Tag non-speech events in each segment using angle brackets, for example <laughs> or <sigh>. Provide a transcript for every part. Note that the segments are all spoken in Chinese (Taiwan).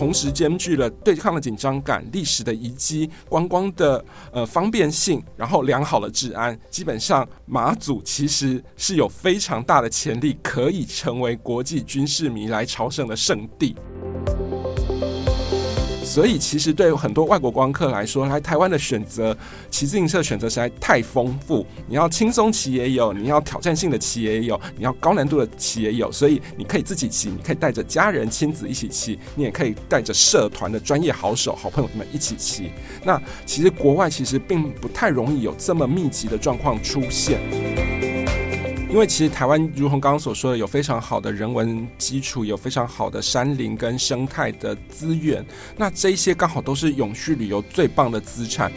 同時兼具了對抗的緊張感、歷史的遺跡、觀光的呃方便性，然後良好的治安，基本上馬祖其實是有非常大的潛力，可以成為國際軍事迷來朝聖的聖地。所以，其實對於很多外國觀光客來說，來台灣的選擇，騎自行車選擇實在太豐富。你要輕鬆騎也有，你要挑戰性的騎也有，你要高難度的騎也有。所以，你可以自己騎，你可以帶着家人、親子一起騎，你也可以帶着社團的專業好手、好朋友們一起騎。那其實國外其實並不太容易有這麼密集的狀況出現。因為其實台灣，如同剛剛所說的，有非常好的人文基礎，有非常好的山林跟生態的資源，那這些剛好都是永續旅遊最棒的資產。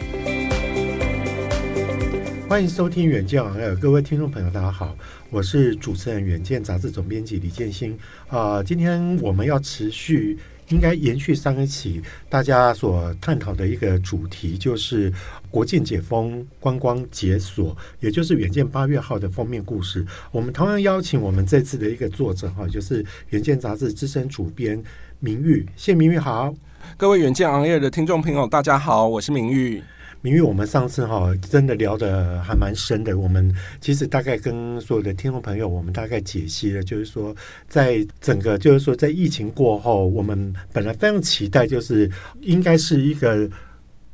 歡迎收聽遠遠見 on air。各位聽眾朋友，大家好，我是主持人《遠見》雜誌總編輯李建興。啊、呃，今天我們要持續。應該延續上一期大家所探討的一個主題，就是國境解封、觀光解鎖，也就是《遠見》八月號的封面故事。我們同樣邀請我們這次的一個作者哈，就是《遠見》雜誌資深主編明彧。謝明彧好，各位《遠見》on air 的聽眾朋友，大家好，我是明彧。因為我們上次哈真的聊得還蠻深的，我們其實大概跟所有的聽眾朋友，我們大概解析了，就是說在整個，就是說在疫情過後，我們本來非常期待，就是應該是一個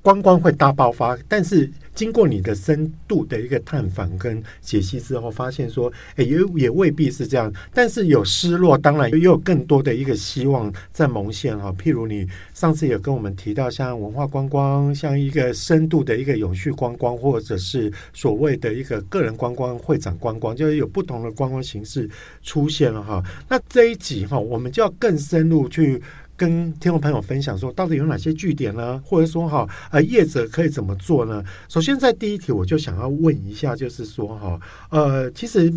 觀光會大爆發，但是。經過你的深度的一個探訪跟解析之後，發現說，誒也也未必是這樣，但是有失落，當然也有更多的一個希望在萌現哈。譬如你上次有跟我們提到，像文化觀光，像一個深度的一個永續觀光，或者是所謂的一個個人觀光、會展觀光，就有不同的觀光形式出現了哈。那這一集哈，我們就要更深入去。跟聽眾朋友分享說，到底有哪些據點呢？或者說哈，呃，業者可以怎麼做呢？首先，在第一題，我就想要問一下，就是說哈，呃，其實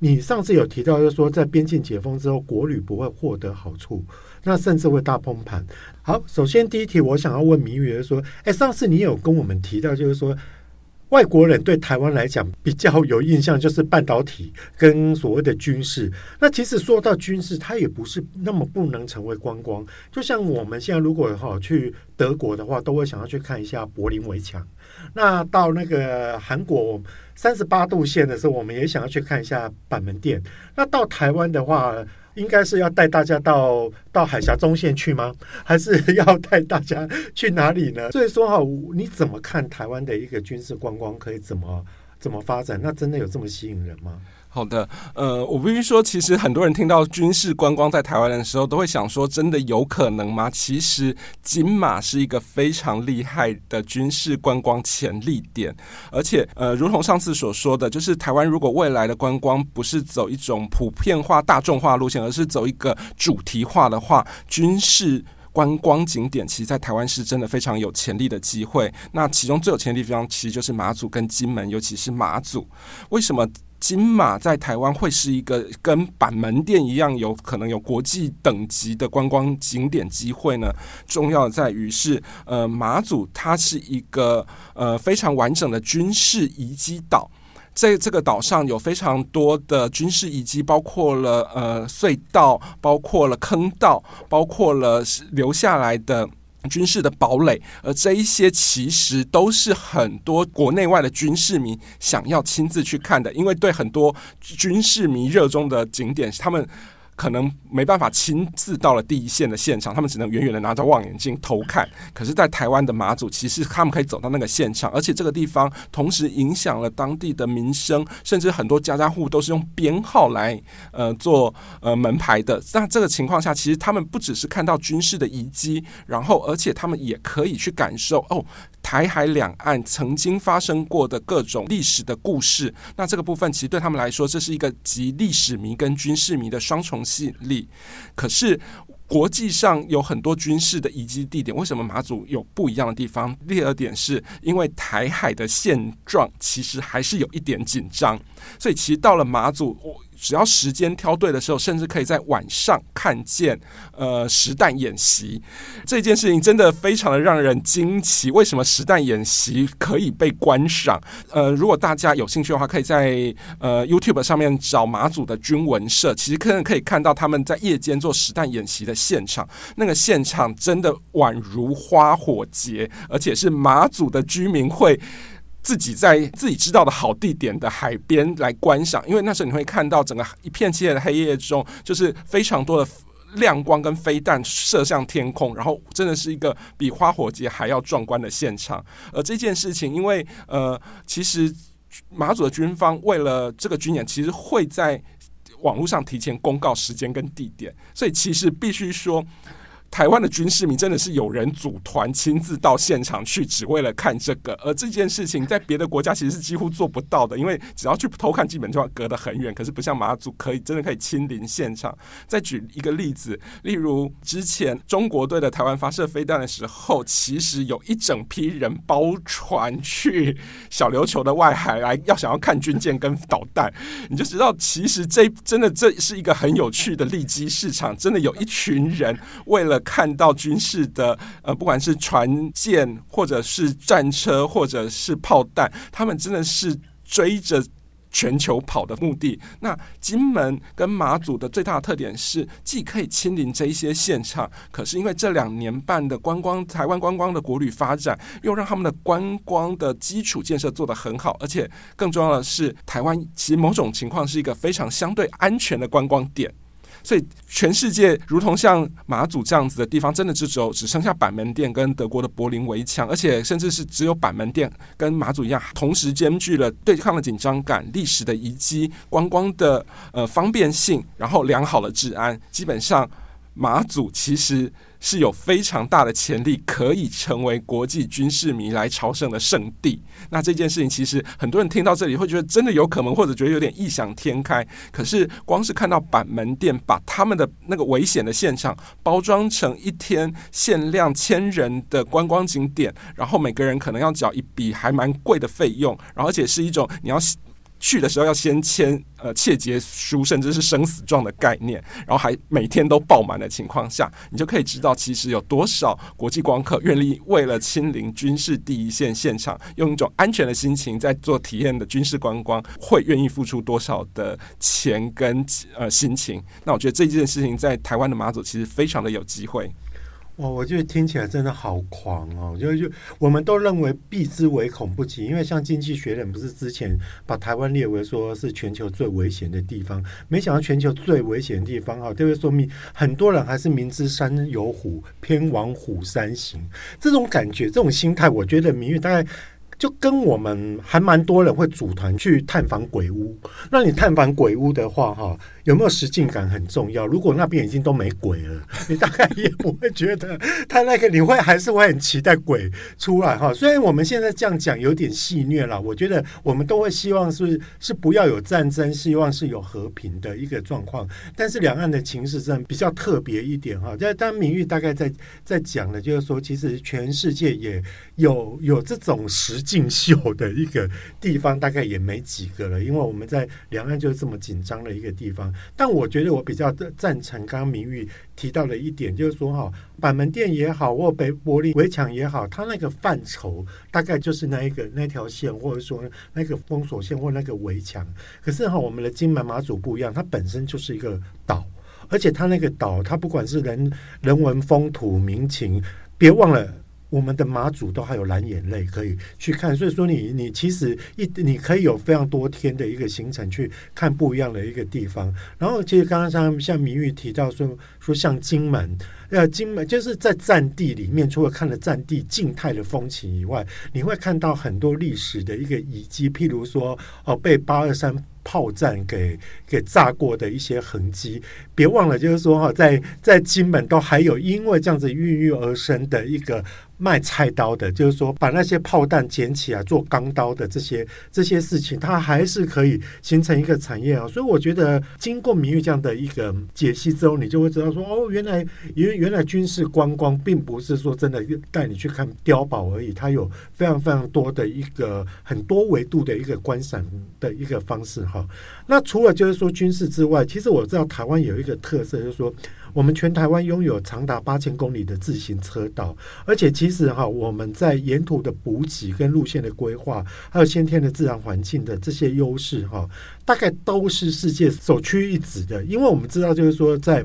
你上次有提到，就是說在邊境解封之後，國旅不會獲得好處，那甚至會大崩盤。好，首先第一題，我想要問明彧說，哎、欸，上次你有跟我們提到，就是說。外國人對台灣來講比較有印象，就是半導體跟所謂的軍事。那其實說到軍事，它也不是那麼不能成為觀光。就像我們現在如果好去德國的話，都會想要去看一下柏林圍牆。那到那個韓國三十八度線的時候，我們也想要去看一下板門店。那到台灣的話。應該是要帶大家到到海峽中線去嗎？還是要帶大家去哪裡呢？所以說哈，你怎麼看台灣的一個軍事觀光可以怎麼怎麼發展？那真的有這麼吸引人嗎？好的，呃，我必須說，其實很多人聽到軍事觀光在台灣的時候，都會想說，真的有可能嗎？其實金馬是一個非常厲害的軍事觀光潛力點，而且，呃，如同上次所說的就是，台灣如果未來的觀光不是走一種普遍化、大眾化路線，而是走一個主題化的話，軍事觀光景點其實，在台灣是真的非常有潛力的機會。那其中最有潛力的地方，其實就是馬祖跟金門，尤其是馬祖，為什麼？金馬在台灣會是一個跟板門店一樣有可能有國際等級的觀光景點機會呢？重要的在於是，呃，馬祖它是一個呃非常完整的軍事遺跡島，在這個島上有非常多的軍事遺跡，包括了呃隧道，包括了坑道，包括了留下來的。軍事的堡壘，而這一些其實都是很多國內外的軍事迷想要親自去看的，因為對很多軍事迷熱衷的景點，他們。可能沒辦法親自到了第一線的現場，他們只能遠遠的拿着望遠鏡偷看。可是，在台灣的馬祖，其實他們可以走到那個現場，而且這個地方同時影響了當地的民生，甚至很多家家戶都是用編號來呃做呃門牌的。那這個情況下，其實他們不只是看到軍事的遺跡，然後而且他們也可以去感受哦，台海兩岸曾經發生過的各種歷史的故事。那這個部分，其實對他們來說，這是一個集歷史迷跟軍事迷的雙重吸引力，可是國際上有很多軍事的遺跡地點，為什麼馬祖有不一樣的地方？第二點是因為台海的現狀其實還是有一點緊張，所以其實到了馬祖，我只要時間挑對的時候，甚至可以在晚上看見呃實彈演習這件事情，真的非常的讓人驚奇。為什麼實彈演習可以被觀賞？呃，如果大家有興趣的話，可以在呃 YouTube 上面找馬祖的軍文社，其實可能可以看到他們在夜間做實彈演習的現場，那個現場真的宛如花火節，而且是馬祖的居民會自己在自己知道的好地點的海邊來觀賞，因為那時候你會看到整個一片漆黑的黑夜中，就是非常多的亮光跟飛彈射向天空，然後真的是一個比花火節還要壯觀的現場。而這件事情，因為呃，其實馬祖的軍方為了這個軍演，其實會在網絡上提前公告時間跟地點，所以其實必須說。台灣的軍事迷真的是有人組團親自到現場去，只為了看這個。而這件事情在別的國家其實是幾乎做不到的，因為只要去偷看，基本就要隔得很遠。可是不像馬祖，可以真的可以親臨現場。再舉一個例子，例如之前中國對台灣發射飛彈的時候，其實有一整批人包船去小琉球的外海來，要想要看軍艦跟導彈。你就知道，其實這真的這是一個很有趣的利基市場。真的有一群人為了看到軍事的，呃，不管是船艦，或者是戰車，或者是炮彈，他們真的是追着全球跑的目的。那金門跟馬祖的最大的特點是，既可以親臨這一些現場，可是因為這兩年半的觀光，台灣觀光的國旅發展，又讓他們的觀光的基礎建設做得很好，而且更重要的是，台灣其實某種情況是一個非常相對安全的觀光點。所以，全世界如同像馬祖這樣子的地方，真的是只有只剩下板門店跟德國的柏林圍牆，而且甚至是只有板門店跟馬祖一樣，同時兼具了對抗的緊張感、歷史的遺跡、觀光的呃方便性，然後良好的治安。基本上，馬祖其實。是有非常大的潛力，可以成為國際軍事迷來朝聖的聖地。那這件事情其實很多人聽到這裡會覺得真的有可能，或者覺得有點異想天開。可是光是看到板門店把他們的那個危險的現場包裝成一天限量千人的觀光景點，然後每個人可能要繳一筆還蠻貴的費用，然後而且是一種你要，去的時候要先簽呃切結書，甚至是生死狀的概念，然後還每天都爆滿的情況下，你就可以知道其實有多少國際光客願意為了親臨軍事第一線現場，用一種安全的心情在做體驗的軍事觀光，會願意付出多少的錢跟呃心情。那我覺得這件事情在台灣的馬祖其實非常的有機會。哦，我覺得聽起來真的好狂哦！就就，我們都認為避之唯恐不及，因為像經濟學人不是之前把台灣列為說是全球最危險的地方，沒想到全球最危險的地方啊、哦，這就說明很多人還是明知山有虎，偏往虎山行。這種感覺，這種心態，我覺得明彧大概。就跟我們還蠻多人會組團去探訪鬼屋，那你探訪鬼屋的話，哈，有沒有實境感很重要。如果那邊已經都沒鬼了，你大概也不會覺得他那個，你會還是會很期待鬼出來哈。雖然我們現在這樣講有點戲謔啦，我覺得我們都會希望是是不要有戰爭，希望是有和平的一個狀況。但是兩岸的情勢這樣比較特別一點哈。在當明彧大概在在講的，就是說，其實全世界也有有這種實境。進修的一個地方大概也沒幾個了，因為我們在兩岸就是這麼緊張的一個地方。但我覺得我比較贊成剛剛明彧提到的一點，就是說哈，板門店也好，或柏林圍牆也好，它那個範疇大概就是那一個那條線，或者說那個封鎖線或那個圍牆。可是哈，我們的金門馬祖不一樣，它本身就是一個島，而且它那個島，它不管是人人文風土民情，別忘了。我們的馬祖都還有藍眼淚可以去看，所以說你你其實一你可以有非常多天的一個行程去看不一樣的一個地方。然後其實剛剛像像明彧提到說說像金門呃金門就是在戰地裡面，除了看了戰地靜態的風情以外，你會看到很多歷史的一個遺跡，譬如說哦被八二三。炮彈給給炸過的一些痕跡，別忘了，就是說哈、啊，在在金門都還有因為這樣子孕育而生的一個賣菜刀的，就是說把那些炮彈撿起來、啊、做鋼刀的這些這些事情，它還是可以形成一個產業啊。所以我覺得，經過明彧這樣的一個解析之後，你就會知道說，哦，原來原原來軍事觀光並不是說真的帶你去看碉堡而已，它有非常非常多的一個很多維度的一個觀賞的一個方式。好，那除了就是說軍事之外，其實我知道台灣有一個特色，就是說我們全台灣擁有長達八千公里的自行車道，而且其實哈，我們在沿途的補給跟路線的規劃，還有先天的自然環境的這些優勢哈，大概都是世界首屈一指的，因為我們知道就是說在。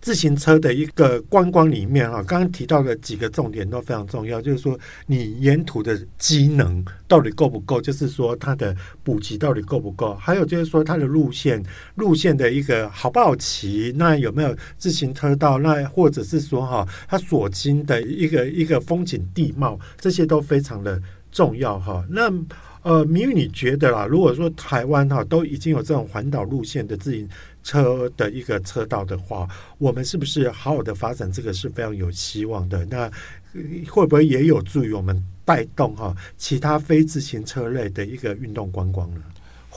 自行車的一個觀光裡面哈、啊，剛剛提到的幾個重點都非常重要，就是說你沿途的機能到底夠不夠，就是說它的補給到底夠不夠，還有就是說它的路線路線的一個好不好騎，那有沒有自行車道，那或者是說哈、啊，它所經的一個一個風景地貌，這些都非常的重要哈、啊。那呃，明彧你覺得啦，如果說台灣哈、啊、都已經有這種環島路線的自行車的一個車道的話，我們是不是好好的發展這個是非常有希望的？那會不會也有助於我們帶動哈、啊、其他非自行車類的一個運動觀光呢？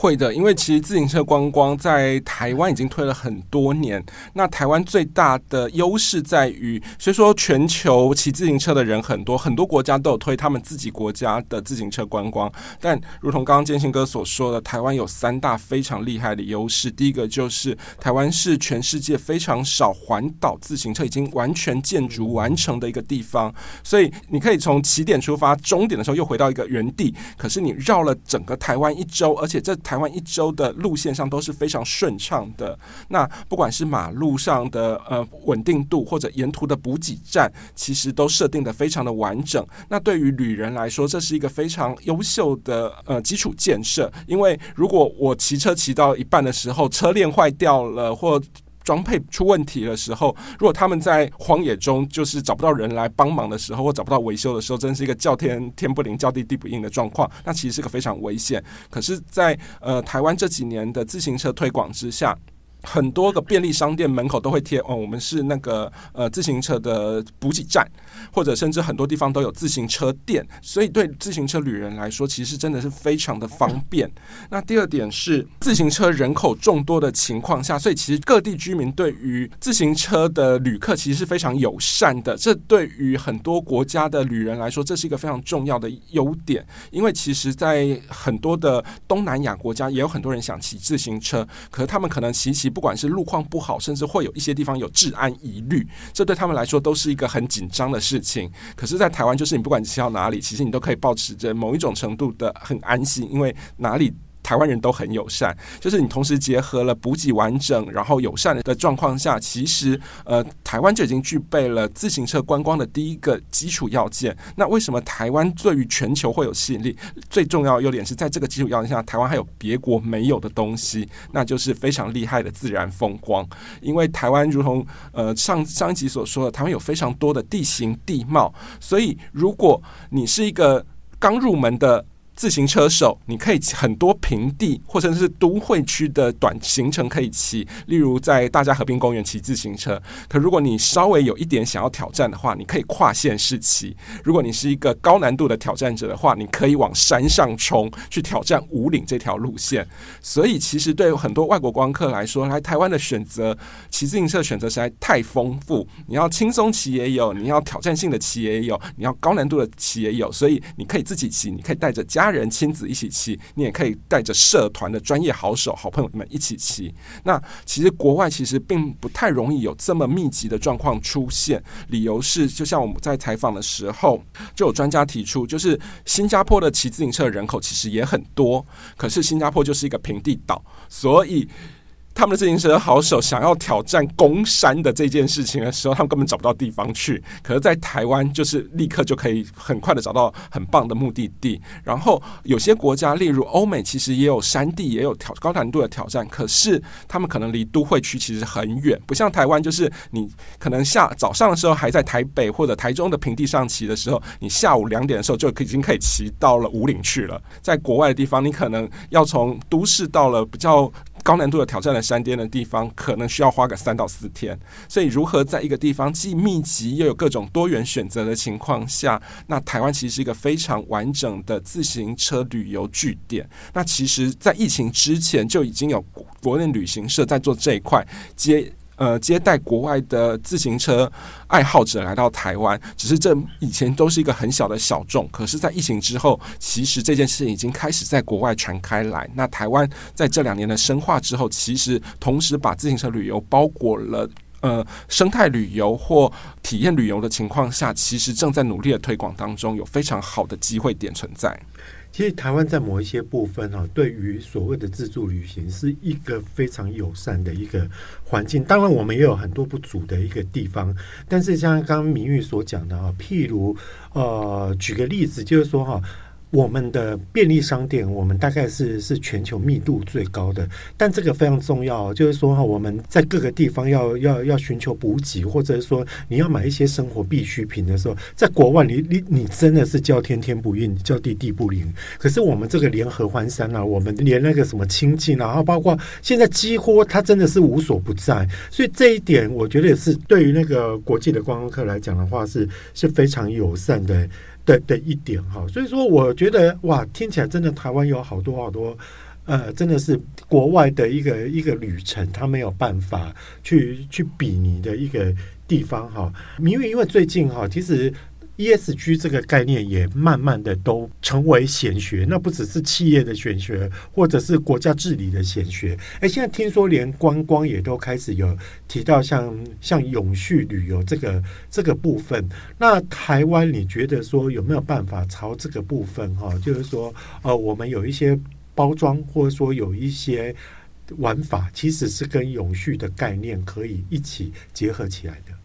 會的，因為其實自行車觀光在台灣已經推了很多年。那台灣最大的優勢在於，雖說全球騎自行車的人很多，很多國家都有推他們自己國家的自行車觀光，但如同剛剛建興哥所說的，台灣有三大非常厲害的優勢。第一個就是台灣是全世界非常少環島自行車已經完全建築完成的一個地方，所以你可以從起點出發，終點的時候又回到一個原地，可是你繞了整個台灣一周，而且這台台灣一周的路線上都是非常順暢的。那不管是馬路上的呃穩定度，或者沿途的補給站，其實都設定得非常的完整。那對於旅人來說，這是一個非常優秀的呃基礎建設。因為如果我騎車騎到一半的時候，車鏈壞掉了，或裝配出問題的時候，如果他們在荒野中就是找不到人來幫忙的時候，或找不到維修的時候，真是一個叫天天不靈、叫地地不應的狀況。那其實是個非常危險。可是在，在呃台灣這幾年的自行車推廣之下。很多個便利商店門口都會貼哦，我們是那個呃自行車的補給站，或者甚至很多地方都有自行車店，所以對自行車旅人來說，其實真的是非常的方便。那第二點是，自行車人口眾多的情況下，所以其實各地居民對於自行車的旅客其實是非常友善的。這對於很多國家的旅人來說，這是一個非常重要的優點，因為其實，在很多的東南亞國家，也有很多人想騎自行車，可是他們可能騎騎。不管是路況不好，甚至會有一些地方有治安疑慮，這對他們來說都是一個很緊張的事情。可是，在台灣，就是你不管騎到哪裡，其實你都可以保持着某一種程度的很安心，因為哪裡。台灣人都很友善，就是你同時結合了補給完整，然後友善的狀況下，其實呃，台灣就已經具備了自行車觀光的第一個基礎要件。那為什麼台灣對於全球會有吸引力？最重要的優點是在這個基礎要件下，台灣還有別國沒有的東西，那就是非常厲害的自然風光。因為台灣如同呃上上一集所說的，台灣有非常多的地形地貌，所以如果你是一個剛入門的。自行車手，你可以騎很多平地，或者是都會區的短行程可以騎，例如在大佳河濱公園騎自行車。可如果你稍微有一點想要挑戰的話，你可以跨縣市騎。如果你是一個高難度的挑戰者的話，你可以往山上衝去挑戰武嶺這條路線。所以其實對很多外國觀光客來說，來台灣的選擇騎自行車選擇實在太豐富。你要輕鬆騎也有，你要挑戰性的騎也有，你要高難度的騎也有。所以你可以自己騎，你可以帶着家人。人親子一起騎，你也可以帶着社團的專業好手、好朋友們一起騎。那其實國外其實並不太容易有這麼密集的狀況出現，理由是，就像我們在採訪的時候，就有專家提出，就是新加坡的騎自行車人口其實也很多，可是新加坡就是一個平地島，所以。他們的自行車好手想要挑戰攻山的這件事情的時候，他們根本找不到地方去。可是，在台灣，就是立刻就可以很快的找到很棒的目的地。然後，有些國家，例如歐美，其實也有山地，也有挑高難度的挑戰。可是，他們可能離都會區其實很遠，不像台灣，就是你可能下早上的時候還在台北或者台中的平地上騎的時候，你下午兩點的時候就已經可以騎到了武嶺去了。在國外的地方，你可能要從都市到了比較。高難度的挑戰的山巔的地方，可能需要花個三到四天。所以，如何在一個地方既密集又有各種多元選擇的情況下，那台灣其實是一個非常完整的自行車旅遊據點。那其實，在疫情之前就已經有國內旅行社在做這一塊接。呃，接待國外的自行車愛好者來到台灣，只是這以前都是一個很小的小眾。可是，在疫情之後，其實這件事情已經開始在國外傳開來。那台灣在這兩年的深化之後，其實同時把自行車旅遊包裹了呃生態旅遊或體驗旅遊的情況下，其實正在努力的推廣當中，有非常好的機會點存在。其實台灣在某一些部分哦、啊，對於所謂的自助旅行是一個非常友善的一個環境。當然，我們也有很多不足的一個地方。但是像剛剛明彧所講的啊，譬如呃，舉個例子，就是說哈、啊。我們的便利商店，我們大概是是全球密度最高的，但這個非常重要，就是說哈，我們在各個地方要要要尋求補給，或者是說你要買一些生活必需品的時候，在國外你你你真的是叫天天不應，叫地地不靈。可是我們這個連合歡山啊，我們連那個什麼清境啊，然後包括現在幾乎它真的是無所不在，所以這一點我覺得也是對於那個國際的觀光客來講的話是，是是非常友善的。的的一點哈，所以說我覺得哇，聽起來真的台灣有好多好多，呃，真的是國外的一個一個旅程，他沒有辦法去去比擬的一個地方哈。明明因為最近哈，其實。ESG 這個概念也慢慢的都成為顯學，那不只是企業的顯學，或者是國家治理的顯學。哎、欸，現在聽說連觀光也都開始有提到像、像、像永續旅遊這個這個部分。那台灣，你覺得說有沒有辦法朝這個部分哈？就是說，呃，我們有一些包裝，或者說有一些玩法，其實是跟永續的概念可以一起結合起來的。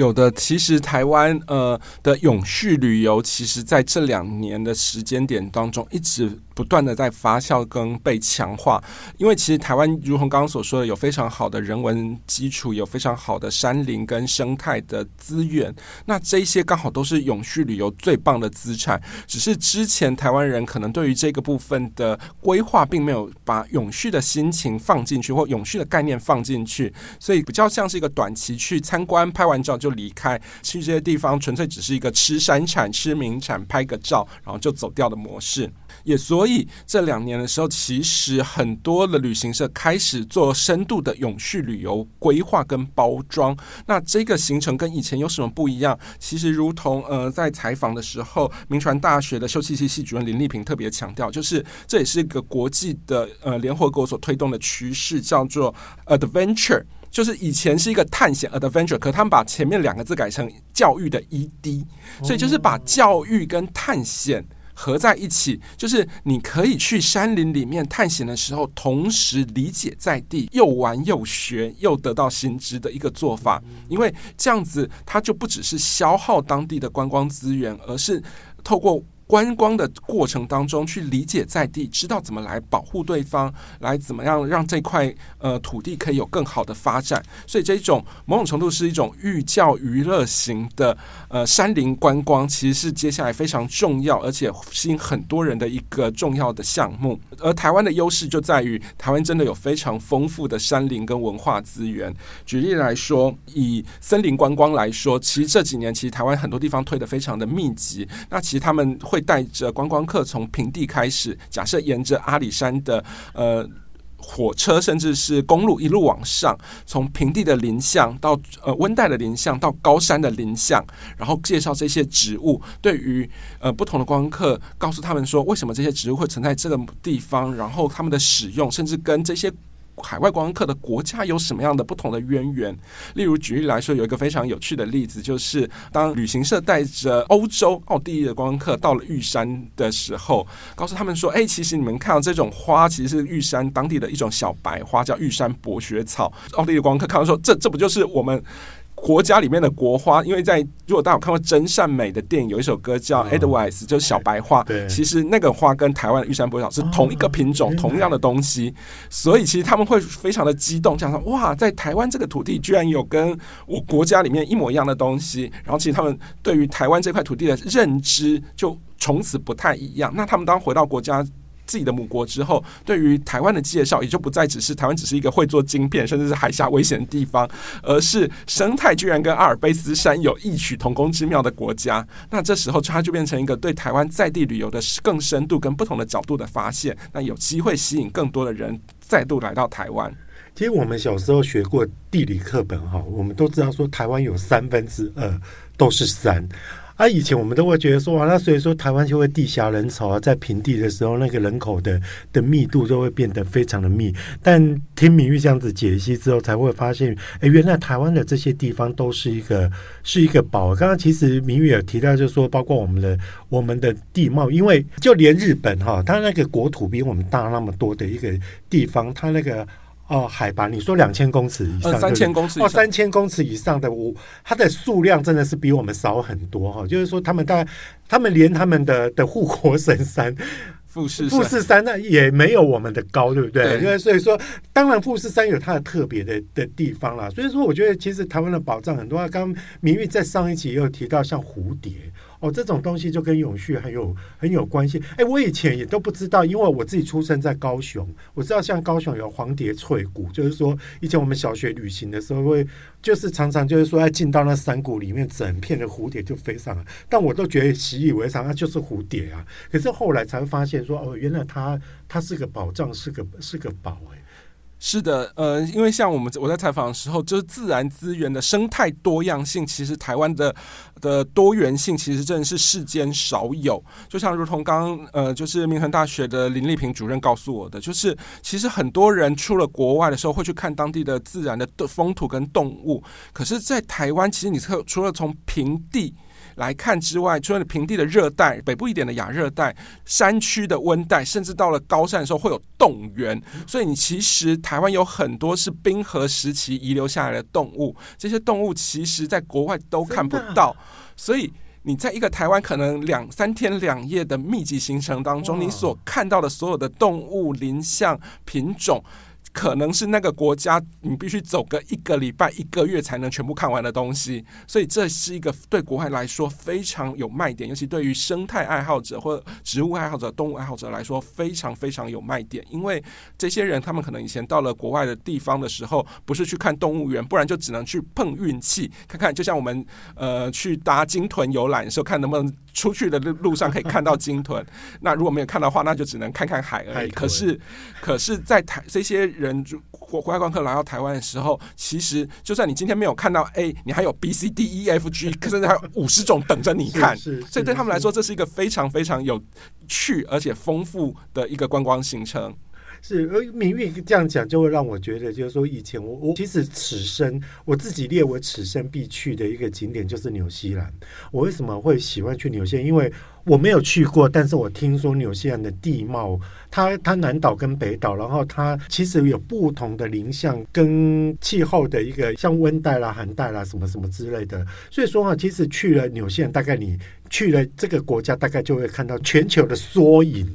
有的，其實台灣呃的永續旅遊，其實在這兩年的時間點當中，一直不斷的在發酵跟被強化。因為其實台灣如同剛剛所說的，有非常好的人文基礎，有非常好的山林跟生態的資源。那這些剛好都是永續旅遊最棒的資產。只是之前台灣人可能對於這個部分的規劃，並沒有把永續的心情放進去，或永續的概念放進去，所以比較像是一個短期去參觀、拍完照就。離開去這些地方，純粹只是一個吃山產、吃名產、拍個照，然後就走掉的模式。也所以這兩年的時候，其實很多的旅行社開始做深度的永續旅遊規劃跟包裝。那這個行程跟以前有什麼不一樣？其實，如同呃，在採訪的時候，銘傳大學的休憩系系主任林麗萍特別強調，就是這也是一個國際的呃聯合國所推動的趨勢，叫做 Adventure。就是以前是一個探險 （adventure），可他們把前面兩個字改成教育的 “ED”，所以就是把教育跟探險合在一起。就是你可以去山林裡面探險的時候，同時理解在地，又玩又學，又得到新知的一個做法。因為這樣子，它就不只是消耗當地的觀光資源，而是透過觀光的過程當中，去理解在地，知道怎麼來保護對方，來怎麼樣讓這塊呃土地可以有更好的發展。所以，這種某種程度是一種寓教於樂型的呃山林觀光，其實是接下來非常重要，而且吸引很多人的一個重要的項目。而台灣的優勢就在於，台灣真的有非常豐富的山林跟文化資源。舉例來說，以森林觀光來說，其實這幾年其實台灣很多地方推得非常的密集。那其實他們會帶着觀光客從平地開始，假設沿着阿里山的呃火車，甚至是公路一路往上，從平地的林相到呃溫帶的林相，到高山的林相，然後介紹這些植物。對於呃不同的觀光客，告訴他們說，為什麼這些植物會存在這個地方，然後他們的使用，甚至跟這些。海外觀光客的國家有什麼樣的不同的淵源？例如，舉例來說，有一個非常有趣的例子，就是當旅行社帶着歐洲、奧地利的觀光客到了玉山的時候，告訴他們說：“哎、欸，其實你們看到這種花，其實是玉山當地的一種小白花，叫玉山薄雪草。”奧地利的觀光客看到說：“這這不就是我們？”國家裡面的國花。因為在如果大家有看過《真善美》的電影，有一首歌叫《Edelweiss》就是小白花。嗯、對，對其實那個花跟台灣的玉山薄雪草是同一個品種，啊、同樣的東西，所以其實他們會非常的激動，講說哇，在台灣這個土地居然有跟我國家裡面一模一樣的東西。然後其實他們對於台灣這塊土地的認知就從此不太一樣。那他們當回到國家。自己的母國之後，對於台灣的介紹也就不再只是台灣只是一個會做晶片，甚至是海峽危險的地方，而是生態居然跟阿爾卑斯山有異曲同工之妙的國家。那這時候它就變成一個對台灣在地旅遊的更深度跟不同的角度的發現。那有機會吸引更多的人再度來到台灣。其實我們小時候學過地理課本哈，哦，我們都知道說台灣有三分之二都是山。啊，以前我們都會覺得說，啊，那所以說台灣就會地狹人稠啊，在平地的時候，那個人口的的密度就會變得非常的密。但聽明彧這樣子解析之後，才會發現，哎，原來台灣的這些地方都是一個是一個寶。剛剛其實明彧有提到，就是說，包括我們的我們的地貌，因為就連日本哈，它那個國土比我們大那麼多的一個地方，它那個。哦，海拔，你說兩、嗯、千公尺以上，三千公尺哦，三千公尺以上的，我它的數量真的是比我們少很多哈、哦。就是說，他們大他們連他們的的護國神山富士富士山，富士山那也沒有我們的高，對不對？因為對所以說，當然富士山有它的特別的的地方啦。所以說，我覺得其實台灣的寶藏很多。剛明彧在上一集也有提到，像蝴蝶。哦，這種東西就跟永續很有很有關係。哎、欸，我以前也都不知道，因為我自己出生在高雄，我知道像高雄有黃蝶翠谷，就是說以前我們小學旅行的時候會，會就是常常就是說要進到那山谷裡面，整片的蝴蝶就飛上來。但我都覺得習以為常、啊，就是蝴蝶啊。可是後來才發現說，哦，原來它它是個寶藏，是個是個寶哎。是的，呃，因為像我們我在採訪的時候，就是自然資源的生態多樣性，其實台灣的的多元性，其實真的是世間少有。就像如同剛呃，就是銘傳大學的林立平主任告訴我的，就是其實很多人出了國外的時候會去看當地的自然的風土跟動物，可是，在台灣，其實你特除了從平地來看之外，除了平地的熱帶、北部一點的亞熱帶、山區的溫帶，甚至到了高山的時候會有凍原。所以你其實台灣有很多是冰河時期遺留下來的動物，這些動物其實在國外都看不到。的所以你在一個台灣可能兩三天兩夜的密集行程當中，你所看到的所有的動物林相品種，可能是那個國家，你必須走個一個禮拜、一個月才能全部看完的東西，所以這是一個對國外來說非常有賣點，尤其對於生態愛好者、或植物愛好者、動物愛好者來說，非常非常有賣點。因為這些人，他們可能以前到了國外的地方的時候，不是去看動物園，不然就只能去碰運氣，看看。就像我們呃去搭鯨豚遊覽的時候，看能不能出去的路上可以看到鯨豚。那如果沒有看到的話，那就只能看看海而已。可是，可是在台這些。人就國外觀光客，來到台灣的時候，其實就算你今天沒有看到 A，你還有 B、C、D、E、F、G，可是還有五十種等着你看。 <laughs> 所以對他們來說，這是一個非常非常有趣而且豐富的一個觀光行程。是，而明彧這樣講，就會讓我覺得，就是說，以前我我其實此生我自己列為此生必去的一個景點就是紐西蘭。我為什麼會喜歡去紐西蘭？因為我沒有去過，但是我聽說紐西蘭的地貌，它它南島跟北島，然後它其實有不同的林相跟氣候的一個，像溫帶啦、寒帶啦什麼什麼之類的。所以說哈、啊，其實去了紐西蘭，大概你去了這個國家，大概就會看到全球的縮影。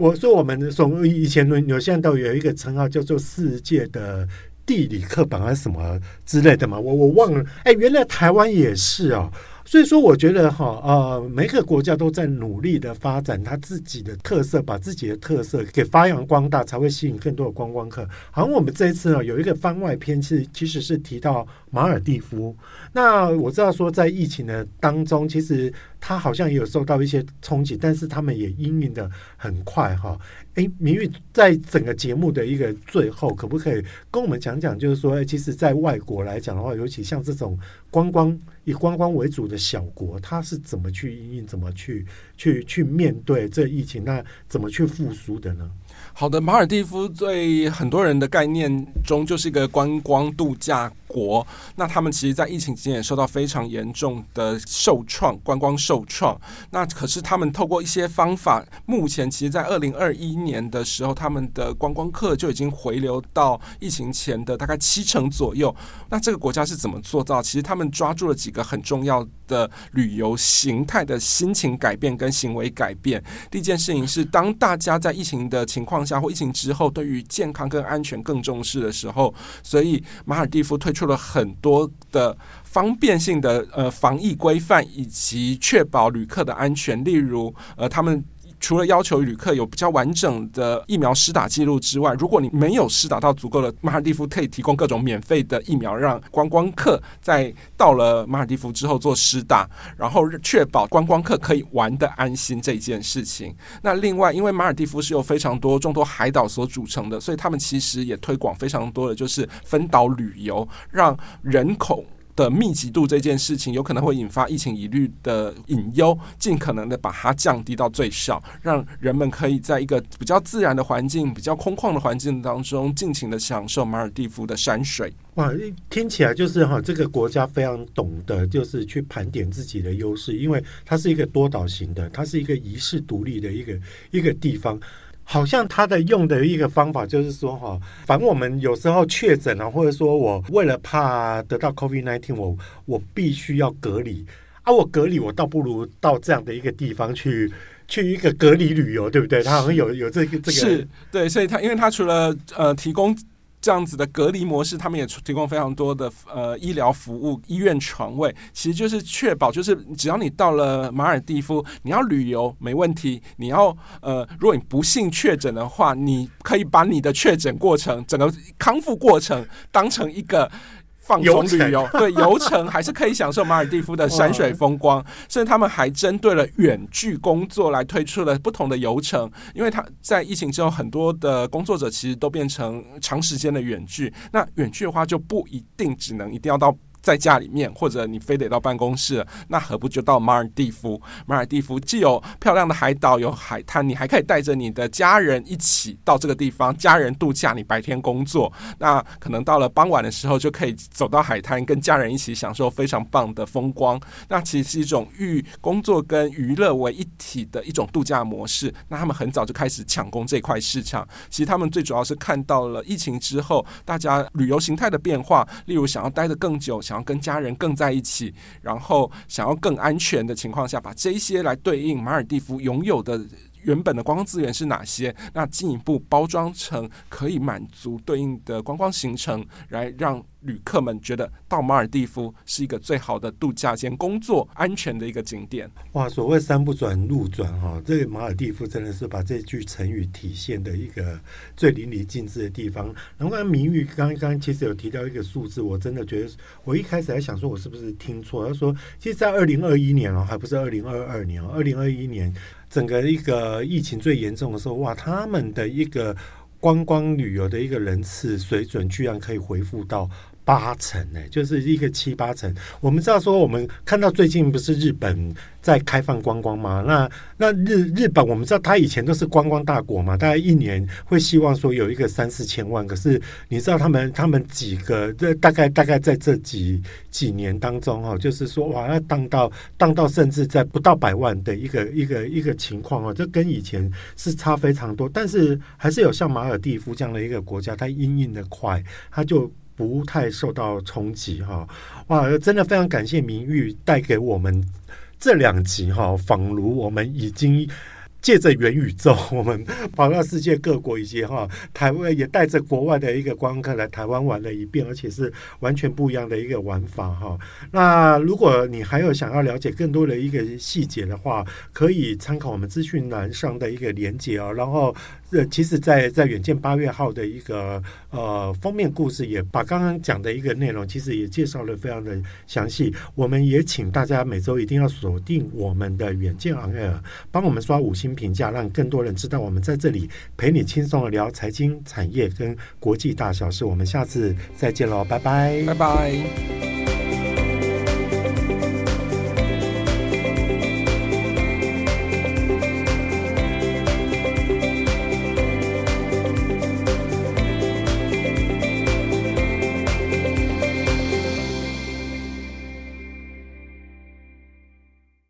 我說我們從以前有現在都有一個稱號叫做世界的地理課本啊，什麼之類的嘛，我我忘了。哎，原來台灣也是啊、哦，所以說我覺得哈、哦、呃，每個國家都在努力的發展它自己的特色，把自己的特色給發揚光大，才會吸引更多的觀光客。好像我們這一次呢、哦，有一個番外篇，其其實是提到馬爾地夫。那我知道說在疫情的當中，其實。他好像也有受到一些衝擊，但是他們也因應得很快哈。哎，明彧在整個節目的一個最後，可不可以跟我們講講，就是說，其實，在外國來講的話，尤其像這種觀光以觀光為主的小國，他是怎麼去因應，怎麼去去去面對這疫情，那怎麼去復甦的呢？好的，馬爾地夫對很多人的概念中就是一個觀光度假國。那他們其實，在疫情期間也受到非常嚴重的受創，觀光受創。那可是他們透過一些方法，目前其實，在二零二一年的時候，他們的觀光客就已經回流到疫情前的大概七成左右。那這個國家是怎麼做到？其實他們抓住了幾個很重要的旅遊形態的心情改變跟行為改變。第一件事情是，當大家在疫情的情況。或疫情之後，對於健康跟安全更重視的時候，所以馬爾地夫推出了很多的方便性的呃防疫規範，以及確保旅客的安全，例如呃他們。除了要求旅客有比較完整的疫苗施打記錄之外，如果你沒有施打到足夠的馬爾地夫，可以提供各種免費的疫苗，讓觀光客在到了馬爾地夫之後做施打，然後確保觀光客可以玩得安心這件事情。那另外，因為馬爾地夫是由非常多眾多海島所組成的，所以他們其實也推廣非常多的就是分島旅遊，讓人口。的密集度這件事情，有可能會引發疫情疑慮的隱憂，盡可能的把它降低到最少，讓人們可以在一個比較自然的環境、比較空曠的環境當中，盡情的享受馬爾地夫的山水。哇，聽起來就是哈，這個國家非常懂得就是去盤點自己的優勢，因為它是一個多島型的，它是一個遺世獨立的一個一個地方。好像他的用的一個方法就是說哈、哦，反正我們有時候確診啊，或者說我為了怕得到 COVID nineteen，我我必須要隔離啊，我隔離我倒不如到這樣的一個地方去去一個隔離旅遊，對不對？他好像有有這個是這個，對，所以他因為他除了呃提供。這樣子的隔離模式，他們也提供非常多的呃醫療服務、醫院床位，其實就是確保，就是只要你到了馬爾地夫，你要旅遊沒問題。你要呃，如果你不幸確診的話，你可以把你的確診過程、整個康復過程當成一個。放鬆旅遊，遊城 <laughs> 對遊程還是可以享受馬爾地夫的山水風光。哇甚至他們還針對了遠距工作來推出了不同的遊程，因為他在疫情之後，很多的工作者其實都變成長時間的遠距。那遠距的話，就不一定只能一定要到。在家裡面，或者你非得到辦公室，那何不就到馬爾地夫？馬爾地夫既有漂亮的海島，有海灘，你還可以帶着你的家人一起到這個地方，家人度假，你白天工作，那可能到了傍晚的時候，就可以走到海灘，跟家人一起享受非常棒的風光。那其實是一種與工作跟娛樂為一體的一種度假模式。那他們很早就開始搶攻這塊市場。其實他們最主要是看到了疫情之後，大家旅遊形態的變化，例如想要待得更久。想要跟家人更在一起，然後想要更安全的情況下，把這一些來對應馬爾地夫擁有的原本的觀光資源是哪些，那進一步包裝成可以滿足對應的觀光行程，來讓。旅客們覺得到馬爾地夫是一個最好的度假兼工作安全的一個景點。哇，所謂“山不轉路轉”哈、哦，這個、馬爾地夫真的是把這句成語體現的一個最淋漓盡致的地方。然後明彧剛剛其實有提到一個數字，我真的覺得我一開始還想說我是不是聽錯。他說，其實，在二零二一年哦，還不是二零二二年，二零二一年整個一個疫情最嚴重的時候，哇，他們的一個觀光旅遊的一個人次水準居然可以恢復到。八成呢、欸，就是一個七八成。我們知道說，我們看到最近不是日本在開放觀光嗎？那那日日本我們知道，他以前都是觀光大國嘛，大概一年會希望說有一個三四千萬。可是你知道他們他們幾個，這大概大概在這幾幾年當中哈、哦，就是說哇，要當到當到甚至在不到百萬的一個一個一個情況哦，這跟以前是差非常多。但是還是有像馬爾地夫這樣的一個國家，它因應的快，它就。不太受到衝擊哈，哇，真的非常感謝明彧帶給我們這兩集哈，仿如我們已經。借着元宇宙，我們跑到世界各國以及哈台灣，也帶着國外的一個觀光客來台灣玩了一遍，而且是完全不一樣的一個玩法哈。那如果你還有想要了解更多的一個細節的話，可以參考我們資訊欄上的一個連接哦。然後，這其實在，在在遠見八月號的一個呃封面故事，也把剛剛講的一個內容，其實也介紹得非常的詳細。我們也請大家每週一定要鎖定我們的遠見 on air，幫我們刷五星。評價，讓更多人知道我們在這裡陪你輕鬆的聊財經、產業跟國際大小事。我們下次再見嘍，拜拜，拜拜。